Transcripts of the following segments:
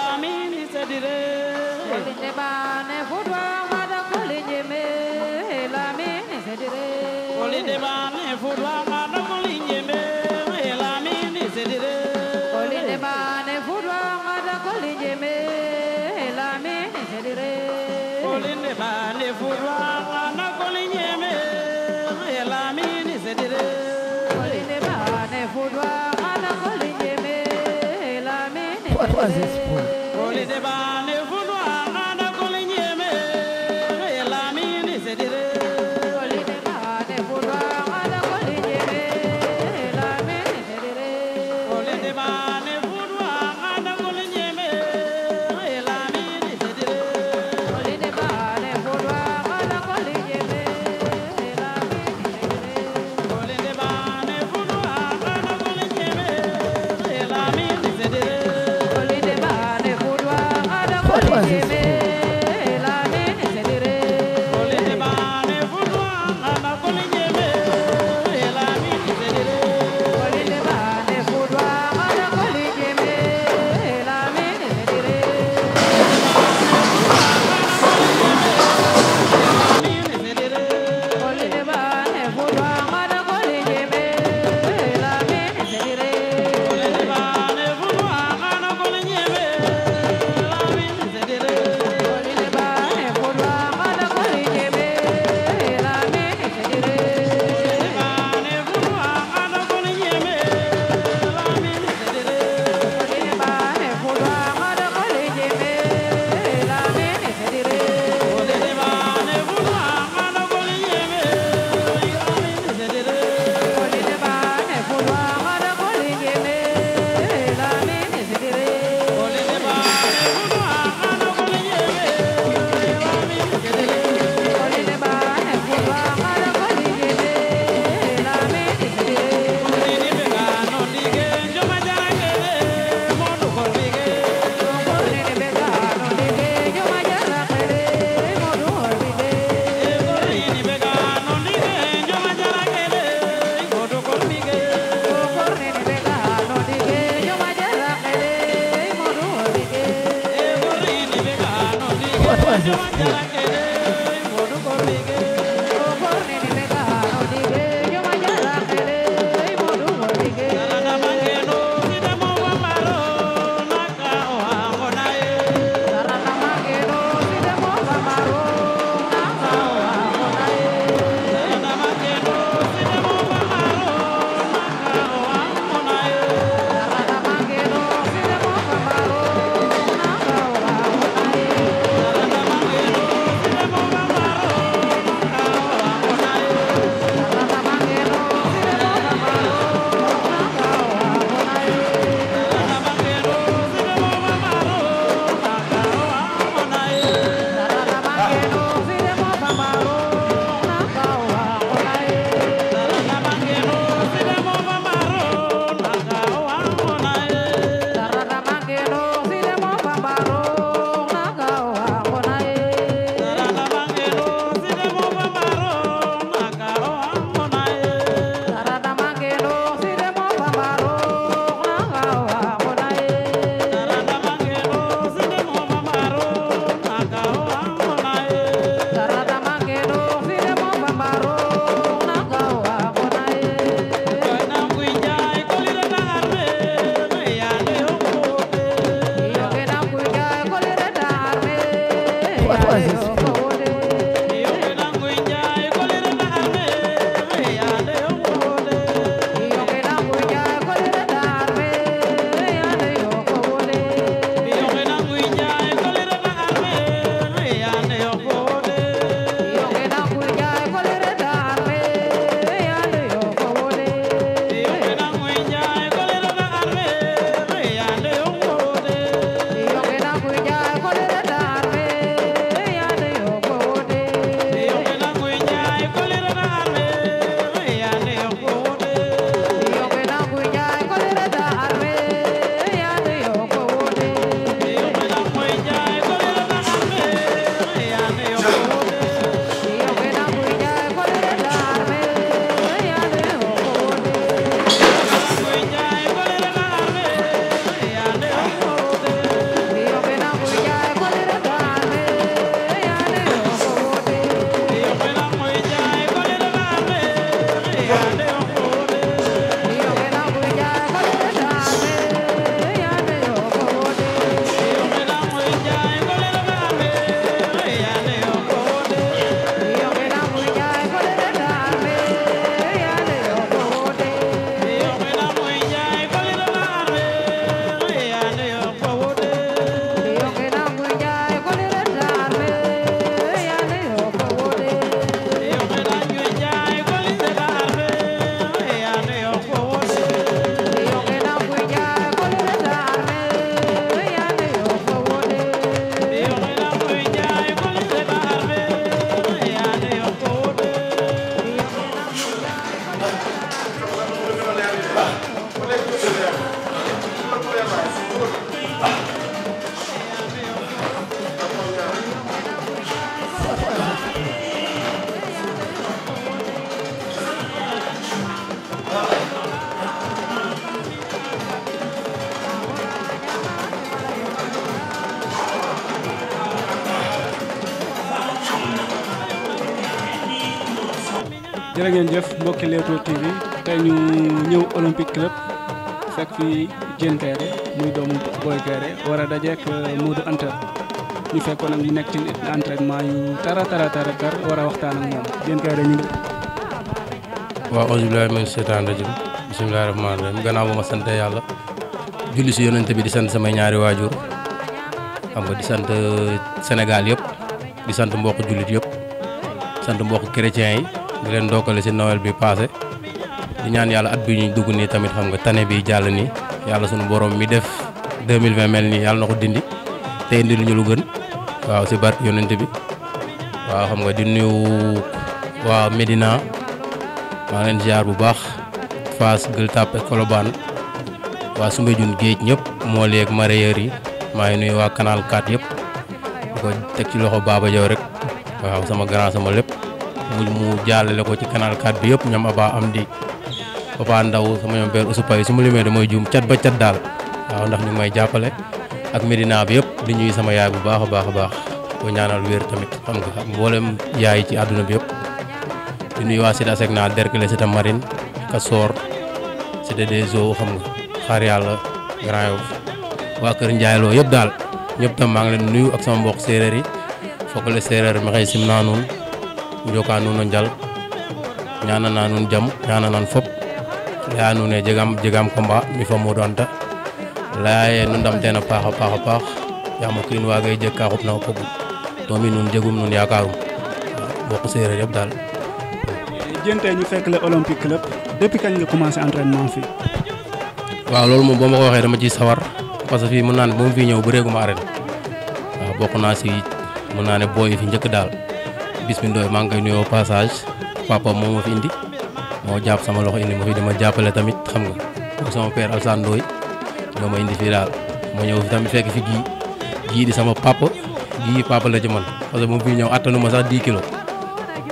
Amin, à ce point. jërë ngeen jëf mbokki Leewtoo TV te ñu ñëw Olympique Club fekk fi Diène Kairé muy doomu Boy Kairé war a dajeek euh, Modou Anta ñu fekkoon nag ñu nekk ci entraînement ñu tara tara tara tar war a waxtaan ak moom Diène Kairé ñu ngi. waaw auzu billaahi mina seytaani rajiim bismillaahi rahmaani rahiim gannaaw ba ma sant yàlla julli si yonent bi di sant samay ñaari waajur xam nga di sant euh, Sénégal yëpp di sant mbokk jullit yëpp sant mbokk chrétien yi. di leen ndokkale si Noël bi passé di ñaan yàlla at bi ñuy dugg nii tamit xam nga tane bi jàll nii yàlla sunu boroom mi def 2020 mel nii yàlla na ko dindi te indi lu ñu lu gën waaw ci barke yonent bi waaw xam nga di nuyu waa Médina maa leen ziar bu baax Fass Gueule Tapée Colobane waa Soumbédioune géej ñëpp moo leeg mareyeur yi maa ngi nuyu waa Canal 4 yëpp di ko teg ci loxo Baba Diaw rek waaw sama grand sama lépp mu jàllale ko ci canal 4 bi yëpp ñoom Aba Amdi Papa Ndaw sama ñoom père Oussoupaye su ma limee damay juum cat ba cat daal waaw ndax ñu ngi may jàppale ak Medina bi yëpp di ñuy sama yaay bu baax a baax a baax ko ñaanal wér tamit xam nga mboolem yaay ci àdduna yëpp di nuyu waa Cité Asecna Derklé Cité Marine Kasor Cité des Eaux xam nga xaar yàlla Grand Yoff waa kër Ndiaye Lo yëpp daal ñëpp tam maa ngi leen nuyu ak sama mbokk séeréer yi foog la séeréer ma xëy sim joka nuun o njal ñanana nuun jam ñananan fop leya nuun e jegaam jegaam combat mi fa Modou Anta leya ye nu ndam teen a paax a paax a paax yaam o kiin waage jeg ka xupna o pogum to mi nuun jegum nuun yaakarum séeréer yëpp daal Diène ñu fekk la Olympique Club depuis kañ nga commencé entraînement fii waaw loolu moom boo ma ko waxee dama ciy sawar parce que fii mën naa ne ba mu fii ñëw ba réeguma arène waaw bokk naa si mën naa ne booy fi njëkk daal bisimilah maa ngi koy nuyoo passage papa moom ma fi indi moo jàpp sama loxo indi ma fi dama jàppale tamit xam nga sama père Alsane Ndoye ñoo ma indi fii daal ma ñëw tamit fekk fi gii gii di sama papa gii papa la ci man parce que moom fi ñëw attanu ma sax 10 kilos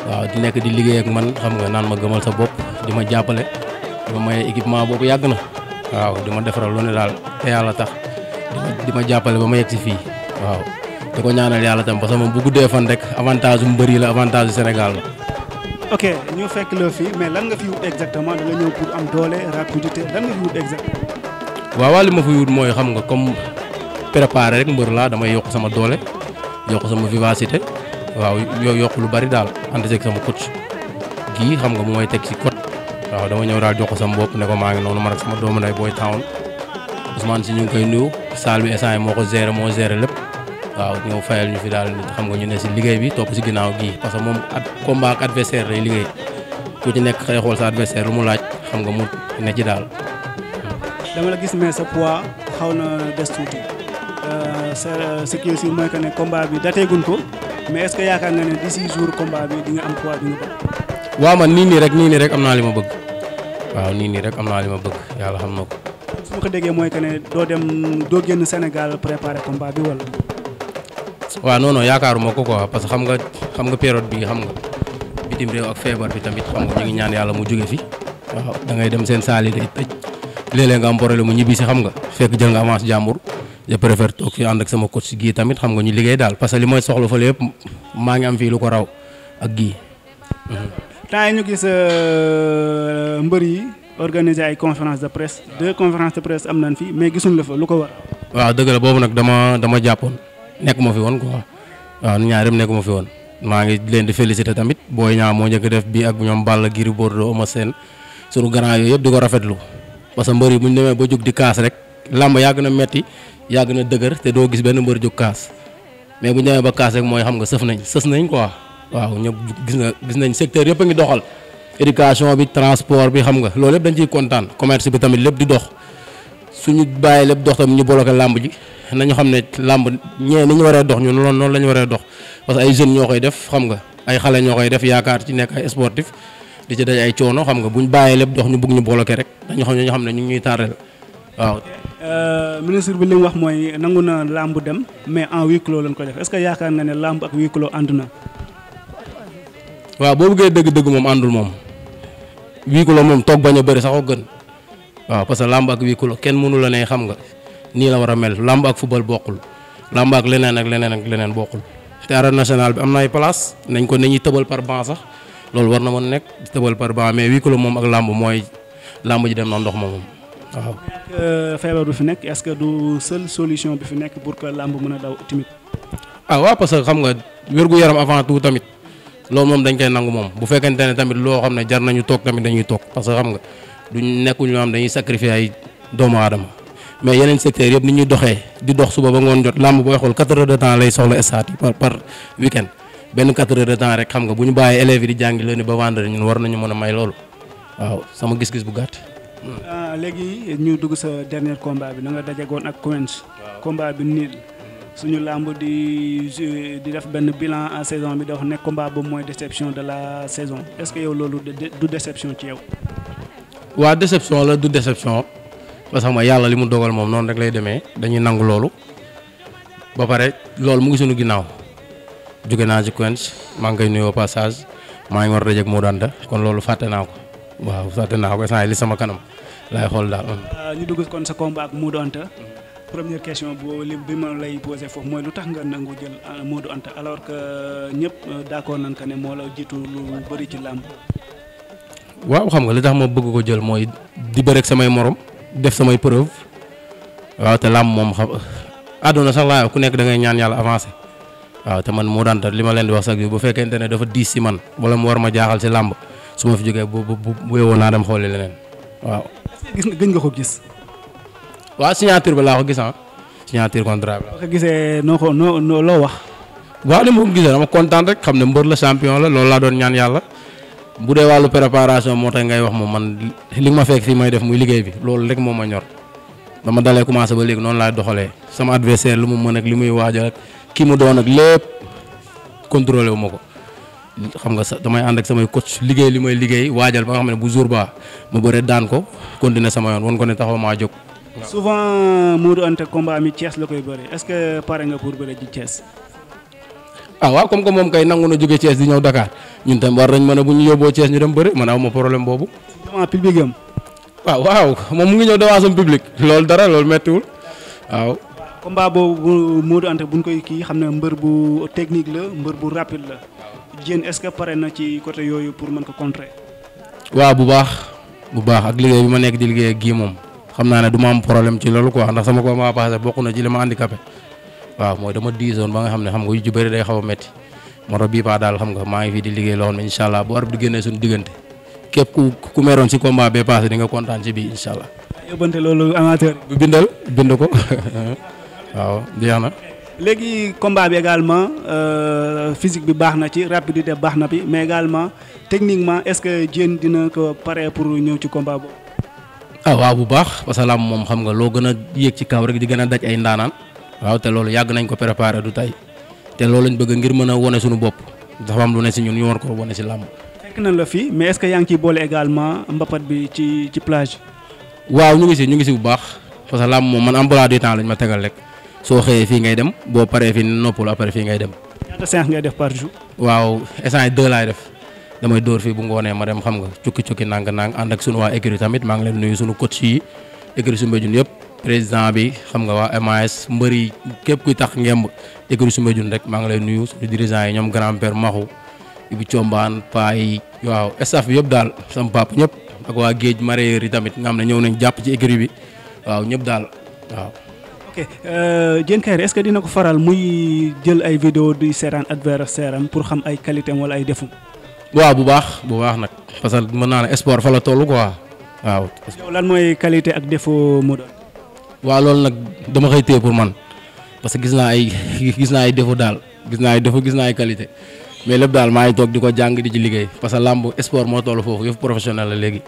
waaw di nekk di liggéey ak man xam nga naan ma gëmal sa bopp di ma jàppale di ma maye équipement boobu yàgg na waaw di ma defaral lu ne daal te yàlla tax di ma jàppale ba ma yegg si fii waaw. te ko ñaanal yàlla tam parce que moom bu guddee fan rek avantage bu bëri la avantage bu Sénégal la. ok ñu fekk la fii mais lan nga fi wut exactement da nga ñëw pour am doole rapidité lan nga fi wut exactement. waaw li ma fi wut mooy xam nga comme préparer rek mbër laa damay yokk sama doole yokk sama vivacité waaw yo yokk lu bari daal ànd ceeg sama coach gii xam nga mooy teg ci code waaw dama ñëw daal jox sama bopp ne ko maa ngi noonu man ak sama doomu nday si ñu ngi koy nuyu salle bi instant moo ko lépp. waaw ñëw fayal ñu fi daal xam nga ñu ne si liggéey bi topp si ginnaaw gi parce que moom ak combat ak adversaire lay liggéey ku ci nekk xëy xool sa adversaire lu mu laaj xam nga mu ne ci daal. dama la gis mais sa poids xaw na des tuuti euh, sa ce qui est mooy que ne combat bi dateeguñ ko mais est-ce que yaakaar nga ne d'ici jour combat bi di nga am poids bi nga bëgg. waaw man nii nii rek nii nii rek am naa li ma bëgg waaw nii nii rek am naa li ma bëgg yàlla xam na ko. su ma waaw non non yaakaaruma ko quoi parce que xam nga xam nga période bi xam nga bitim réew ak feebar bi tamit xam nga ñu ngi ñaan yàlla mu jóge fi waaw da ngay dem seen saali day tëj léeg-léeg nga am problème mu ñibbi si xam nga fekk jël nga avance jàmbur je préfère toog fi ànd ak sama coach gii tamit xam nga ñu liggéey daal parce que li may soxla fële yëpp maa am fii lu ko raw ak gii. Mhm. temps yi ñu gis euh, mbër yi organiser ay conférence de presse deux conférences de presse am nañ fi mais gisuñ la fa lu ko waaw dëgg la boobu nag dama dama jàppoon. nekk ma fi woon quoi waaw ñaareem nekk ma fi woon maa ngi leen di féliciter tamit booy ñaa moo njëkk def bi ak ñoom Balla Giri Bordeaux Ama Sène sunu grand yooyu yëpp di ko rafetlu parce que mbër yi bu ñu demee ba jóg di kaas rek làmb yàgg na metti yàgg na dëgër te doo gis benn mbër jóg kaas mais bu ñu demee ba kaas rek mooy xam nga sëf nañ sës nañ quoi waaw ñëpp gis na gis nañ secteur yëpp a ngi doxal éducation bi transport bi xam nga loolu yëpp dañ ciy kontaan commerce bi tamit lépp di dox suñu bàyyi lépp dox tam ñu bloqué làmb ji nañu xam ne làmb ñee ni ñu waree dox ñun loolu noonu la ñu waree dox parce que ay jeunes ñoo koy def xam nga ay xale ñoo koy def yaakaar ci nekk ay sportif di ci daj ay coono xam nga buñ bàyyi lépp dox ñu bugg ñu bloqué rek dañu xam ne ñu xam ñuy tardel waaw. Euh, ministre bi li mu wax mooy nangu na làmb dem mais en huis clos lañ ko def est que yaakaar nga ne làmb ak huis clos ànd na. waaw boo bëggee dëgg-dëgg moom àndul moom huis clos moom toog bañ a bëri sax gën. waaw parce que làmb ak wii kenn mënu la ne xam nga nii la war a mel làmb ak football bokkul làmb ak leneen ak leneen ak leneen bokkul te arène nationale bi am na ay place nañ ko nañuy tëbal par banc sax loolu war na mën nekk tëbal par banc mais wii kulo moom ak làmb mooy làmb ji dem na ndox ma moom waaw. Euh, feebar fi nekk est-ce que du seule solution bi fi nekk pour que làmb mën a daw tamit. Ah, que xam nga wérgu yaram avant tout tamit loolu moom dañ koy nangu moom bu fekkente ne tamit loo xam ne jar nañu toog tamit dañuy toog parce que xam nga. du nekkul ñoo xam dañuy sacrifier ay doomu aadama mais yeneen secteur yëpp ni ñuy doxee di dox suba ba ngoon jot làmb booy xool 4 heures de temps lay soxla stade yi par par week-end benn 4 heures de temps rek xam nga bu ñu bàyyee élèves yi di jàngi leen ba vendredi ñun war nañu mën a may loolu waaw sama gis-gis bu gàtt. Ah, léegi ñu dugg sa dernier combat bi na nga dajagoon ak Quench. combat bi nii suñu làmb di di def benn bilan en saison bi da wax ne combat boobu mooy déception de la saison est-ce que yow loolu du déception ci yow. waa déception la du déception parce que xam nga yàlla li mu dogal moom noonu rek lay demee dañuy nangu loolu ba pare loolu mu ngi suñu ginnaaw jóge naa ci Quench maa ngi koy nuyoo passage maa ngi war a dajeeg moo daan kon loolu fàtte naa ko waaw fàtte naa ko saa li sama kanam laay xool daal. Euh, kon sa combat ak Modou Anta. première question bi ma lay posé foofu mooy lu tax nga nangu jël euh, Modou Anta alors que euh, ñëpp d'accord nañ ko ne moo la jiitu lu bari ci làmb. waaw xam nga li tax ma bëgg ko jël mooy di bëreeg samay morom def samay preuve waaw te làmb moom xam àdduna sax laa ku nekk da ñaan yàlla avancé waaw te man moo daan li ma leen di wax sax bu fekkente ne dafa diis si man wala mu war ma jaaxal si làmb su ma fi jógee bu bu bu naa dem xooli leneen waaw. gis nga ko gis. waaw signature bi laa ko gis ah signature ko gisee noo ko noo loo wax. waaw ni kontaan rek xam ne mbër la champion la loolu laa doon ñaan yàlla. bu dee wàllu préparation moo tax ngay wax moom man li ma fekk fii may def muy liggéey bi loolu rek moo ma ñor dama dalee commencé ba léegi noonu laay doxalee sama adversaire lu mu mën ak li muy waajal ak ki mu doon ak lépp contrôlé wu ma ko xam nga sa damay ànd ak samay coach liggéey li may liggéey waajal ba nga xam ne bu jour ba mu bëre daan ko kon continuer sama yoon won ko ne taxaw maa jóg. souvent Modou Anta combat mi Thiès la koy bëri est-ce que pare Ah, waaw comme que moom kay nangu na jóge Thiès di ñëw Dakar ñun tam war nañ mën a bu ñu yóbboo Thiès ñu dem bëri man awma problème boobu. devant public am. waaw ah, waaw moom mu ngi ñëw devant son public loolu dara loolu méttiwul waaw. combat boobu Modou Anta bu koy kii xam ne mbër bu technique la mbër bu rapide la Diène est-ce que pare na ci côté yooyu pour mën ko contrer. waaw bu baax bu baax ak liggéey bi ma nekk di liggéey ak kii moom xam naa ne du am problème ci loolu wax ndax sama combat passé bokk na ci li ma handicapé waaw mooy dama diisoon ba nga xam ne xam nga yu bëri day xaw a métti moo tax bii baax daal xam nga maa ngi fii di liggéey loo xam ne incha allah bu arab di génnee suñu diggante képp ku ku meroon si combat bee passé di nga kontaan si bii incha allah. yóbbante loolu amateur bu bindal bind ko waaw jeex na. léegi combat bi également euh, physique bi baax na ci rapidité baax na bi mais également techniquement est-ce que Diène dina ko pare pour ñëw ci combat boobu. Ah, waaw bu baax parce moom xam nga loo gën a yéeg ci kaw rek di gën a daj ay ndaanaan. waaw te loolu yàgg nañ ko préparé du tey te loolu lañ bëgg ngir mën a wone suñu bopp dafa am lu ne si ñun ñu war ko wone si làmb. fekk la fi mais est-ce que yaa ngi ciy boole également mbapat bi ci ci plage. waaw ñu ngi si ñu ngi si bu baax parce que làmb moom man emploi du temps lañ ma tegal rek soo xëyee fii ngay dem boo paree fii noppalu après fii ngay dem. ñaata séance ngay def par jour. waaw essence deux laay def damay dóor fii bu ngoonee ma dem xam nga cukki cukki nang nang ànd ak sunu waa écurie maa ngi leen nuyu sunu coach yi écurie su Mbéjun yëpp président bi xam nga waa MAS mbër yi képp kuy tax ngemb écurie Soumbédioune rek maa ngi lay nuyu suñu dirigeant yi ñoom grand père Maxu Ibu Combaan paa waaw staff bi yëpp daal sama papa ñëpp waa géej mareyeur yi tamit nga xam ne ñëw nañ jàpp ci écurie bi waaw ñëpp daal waaw. ok euh, Diène Kairé est-ce que dina ko faral muy jël ay vidéo duy seetaan adversaire am pour xam ay qualité am wala ay defum. waaw bu baax bu baax nag parce que mën naa ne sport fa la toll quoi waaw. lan mooy qualité ak waaw loolu nag dama koy téye pour man parce que gis naa ay gis naa ay défaut daal gis naa ay défaut gis naa ay qualité mais lépp daal maa ngi toog di ko jàng di ci liggéey parce que làmb sport moo toll foofu yëf professionnel la léegi.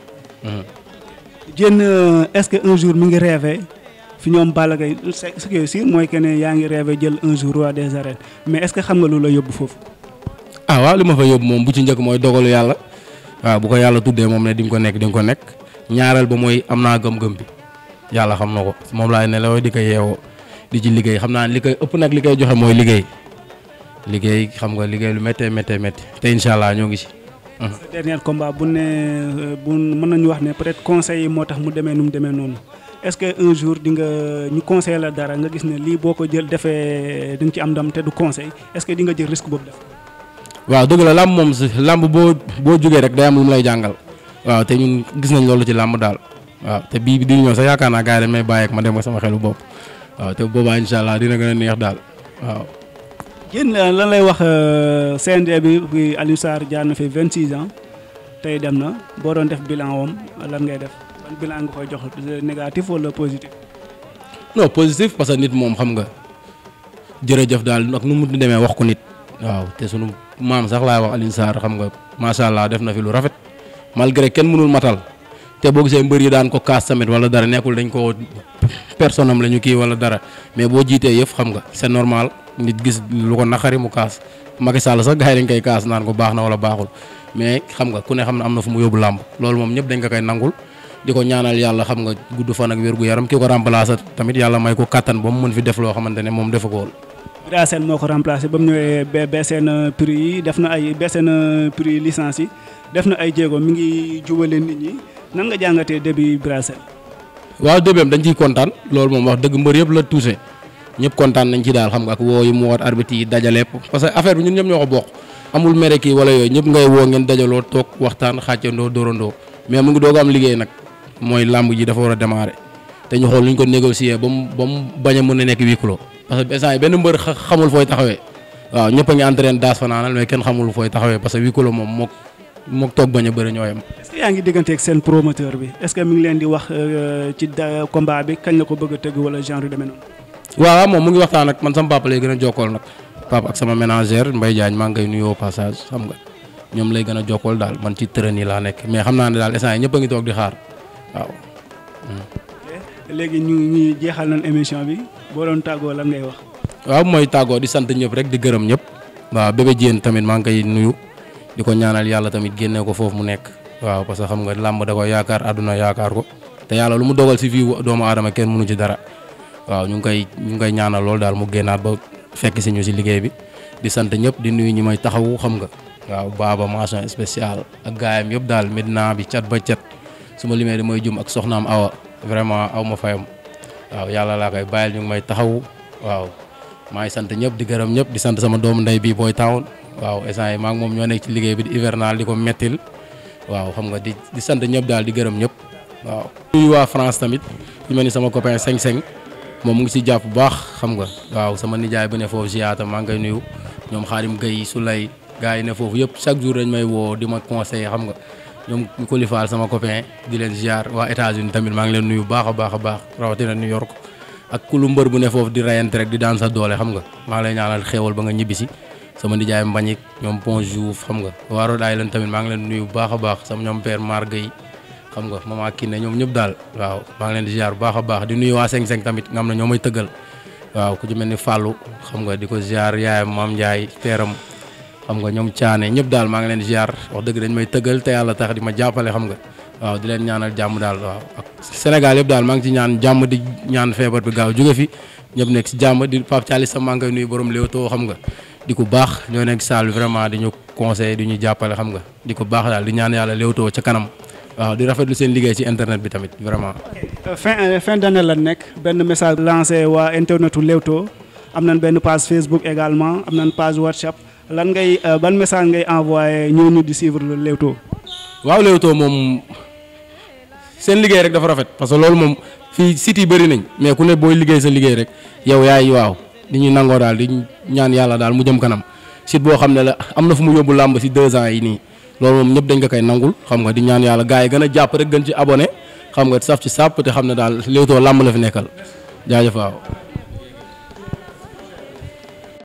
Diène hmm. euh, est-ce que un jour mi ngi rêvé fi ñoom Balla Gaye ce mooy que ne yaa ngi rêvé jël un jour roi des arènes mais est-ce que xam nga lu la yóbbu foofu. ah waaw li ma fa yóbbu moom bu ci njëkk mooy dogalu yàlla waaw bu ko yàlla tuddee moom ne di ko nekk di ko nekk ñaareel ba mooy am naa gëm-gëm bi. yàlla xam na ko moom laa nelawoo di ko yeewoo di ci liggéey xam naa li ko ëpp nag li koy joxe mooy liggéey liggéey xam nga liggéey lu méttee méttee métti te incha allah ñoo ngi ci. sa dernier combat bu ne euh, bu mën nañu wax ne peut-être conseil yi moo tax mu demee nu mu demee noonu est-ce que un di nga ñu conseil la dara nga gis ne lii boo ko jël defee di nga ci am ndam te du conseil est-ce que di nga jël risque boobu def. waaw dëgg la làmb moom si làmb boo boo jógee rek day am lu mu lay jàngal waaw te ñun gis nañ loolu ci làmb daal. waaw te bii bi di ñëw sax yaakaar naa gars yi dañ may bàyyi ak ma dem ak sama xelu bopp waaw te boobaa incha allah dina gën a neex daal waaw. la euh, lan lay wax euh, CNG bi Alioune Sarr jaar na fi 26 ans tey dem na boo doon def bilan wam lan ngay def ban bilan nga koy jox négatif wala positif. non positif parce nit moom xam nga jërëjëf daal ak nu mu demee wax ko nit. waaw te sunu maam sax laay wax Alioune xam nga macha allah def na fi lu rafet malgré kenn mënul matal. te boo gisee mbër yi daan ko kaas tamit wala dara nekkul dañ ko personne am la kii wala dara mais boo jiitee yëf xam nga c'est normal nit gis lu ko naqari mu kaas Macky Sall sax gars yi dañ koy kaas naan ko baax na wala baaxul mais xam nga ku ne xam ne am na fu mu yóbbu làmb loolu moom ñëpp dañ ko koy nangul di ko ñaanal yàlla xam nga gudd fan ak wér gu yaram ki ko remplacer tamit yàlla may ko kattan ba mu mën fi def loo xamante ne moom defu ko Bira Sène moo ko remplacé ba mu ñëwee ba baissé na euh, prix yi def na ay baissé na euh, prix licence yi def na ay jéego mi ngi jubale nit ñi nan nga jàngatee début Bira Sène. waaw début am dañ ciy kontaan loolu moom wax dëgg mbër yëpp la touché ñëpp kontaan nañ ci daal xam nga ak woo yi mu woot arbitre yi dajaleep parce que affaire bi ñun ñëpp ñoo ko bokk amul mere kii wala yooyu ñëpp ngay woo ngeen dajaloo toog waxtaan xàccandoo dóorandoo mais mu ngi doog am liggéey nag mooy làmb ji dafa war a démarrer te ñu xool lu ñu ko négocier ba mu ba mu bañ a mën a nekk huis clos parce que instant benn mbër xamul fooy taxawee waaw ñëpp a ngi entraîné daas fanaanal mais kenn xamul fooy taxawee parce que huis clos moom mook mook toog bañ a bëri ñooyam. seen promoteur bi est-ce que mi ngi leen di wax euh, ci combat bi kañ la ko bëgg a wala genre demee waaw moom mu ngi waxtaan ak man sama papa lay gën a jokkool nag papa ak sama ménagère Mbaye Diagne maa ngi koy nuyoo passage xam nga ñoom lay gën a jokkool daal man ci terrain nii laa nekk mais xam naa ne daal instant yii ñëpp a ngi toog di xaar waaw hmm. léegi ñu jeexal nañ émission bi boo doon tàggoo lan ngay wax. waaw mooy tàggoo di sant ñëpp rek di gërëm ñëpp. waaw bébé jéen tamit maa ngi koy nuyu di ko ñaanal yàlla tamit génne ko foofu mu nekk. waaw parce que xam nga làmb da ko yaakaar àdduna yaakaar ko te yàlla lu mu dogal si fii doomu aadama kenn mënu ci dara waaw ñu ngi koy ñu ngi koy ñaanal lool daal mu génnaat ba fekk si ñu si liggéey bi di sant ñëpp di nuyu ñi may taxawu xam nga. waaw baaba mention spéciale ak gaayam yëpp daal Medina bi cat ba cat su ma limee damay jum ak soxnaam Awa vraiment aw ma fayam waaw yàlla laa koy bàyyil ñu may taxaw waaw maa ngi sant ñëpp di gërëm ñëpp di sant sama doom ndey bii booy town waaw instant yi moom ñoo nekk ci liggéey bi di hivernal di ko mettil waaw xam nga di di sant ñëpp daal di gërëm ñëpp waaw. nuyu waa France tamit ñu mel ni sama copain Seng Seng moom mu ngi si jàpp bu baax xam nga waaw sama nijaay bu ne foofu Giata maa ngi koy nuyu ñoom Xaadim Gueye Souley gars yi ne foofu yëpp chaque jour dañ may woo di ma conseiller xam ñoom Kolifaal sama copain di leen ziar waa États-Unis tamit maa ngi leen nuyu baax a baax a baax rawatina New York ak ku lu mbër bu ne foofu di rayante rek di daan sa doole xam nga maa ngi lay ñaanal xéewal ba nga ñibbisi sama nijaay Mbagnick ñoom Pont Juif xam nga waa Rhode Island tamit maa ngi leen nuyu baax a baax sama ñoom père Marga yi xam nga mama Kiné ñoom ñëpp daal waaw maa ngi leen di ziar baax a baax di nuyu waa 55 tamit nga xam ne ñoo may tëggal waaw ku ci mel ni Fallou xam nga di ko ziar yaayam maam Ndiaye teeram xam nga ñoom caane ñëpp daal maa ngi leen ziar wax dëgg dañ may tëggal te yàlla tax di ma jàppale xam nga waaw di leen ñaanal jàmm daal waaw ak Sénégal yëpp daal maa ngi ci ñaan jàmm di ñaan feebar bi gaaw jóge fi ñëpp nekk si jàmm di Pape Thialis sa maa ngi koy nuyu borom xam nga di ko baax ñoo nekk saal vraiment di ñu conseillé di ñu jàppale xam nga di ko baax daal di ñaan yàlla Leewtoo ca kanam waaw di rafetlu seen liggéey ci internet bi tamit euh, euh, la nekk benn message lancé waa internetu Leewtoo am nañ benn page Facebook lan ngay euh, ban message ngay envoyé ñooñu di suivre le Leewtoo. waaw Leewtoo moom seen liggéey rek dafa rafet parce que loolu moom fii sites bëri nañ mais ku ne booy liggéey sa liggéey rek yow yaay waaw di ñuy nangoo daal di ñaan yàlla daal mu jëm kanam site boo xam ne la am na fu mu yóbbu làmb si deux ans yi nii loolu moom ñëpp dañ ko koy nangul xam nga di ñaan yàlla gars yi gën a jàpp rek gën ci abonné xam nga saf ci sàpp te xam ne daal Leewtoo làmb la fi nekkal jaajëf waaw.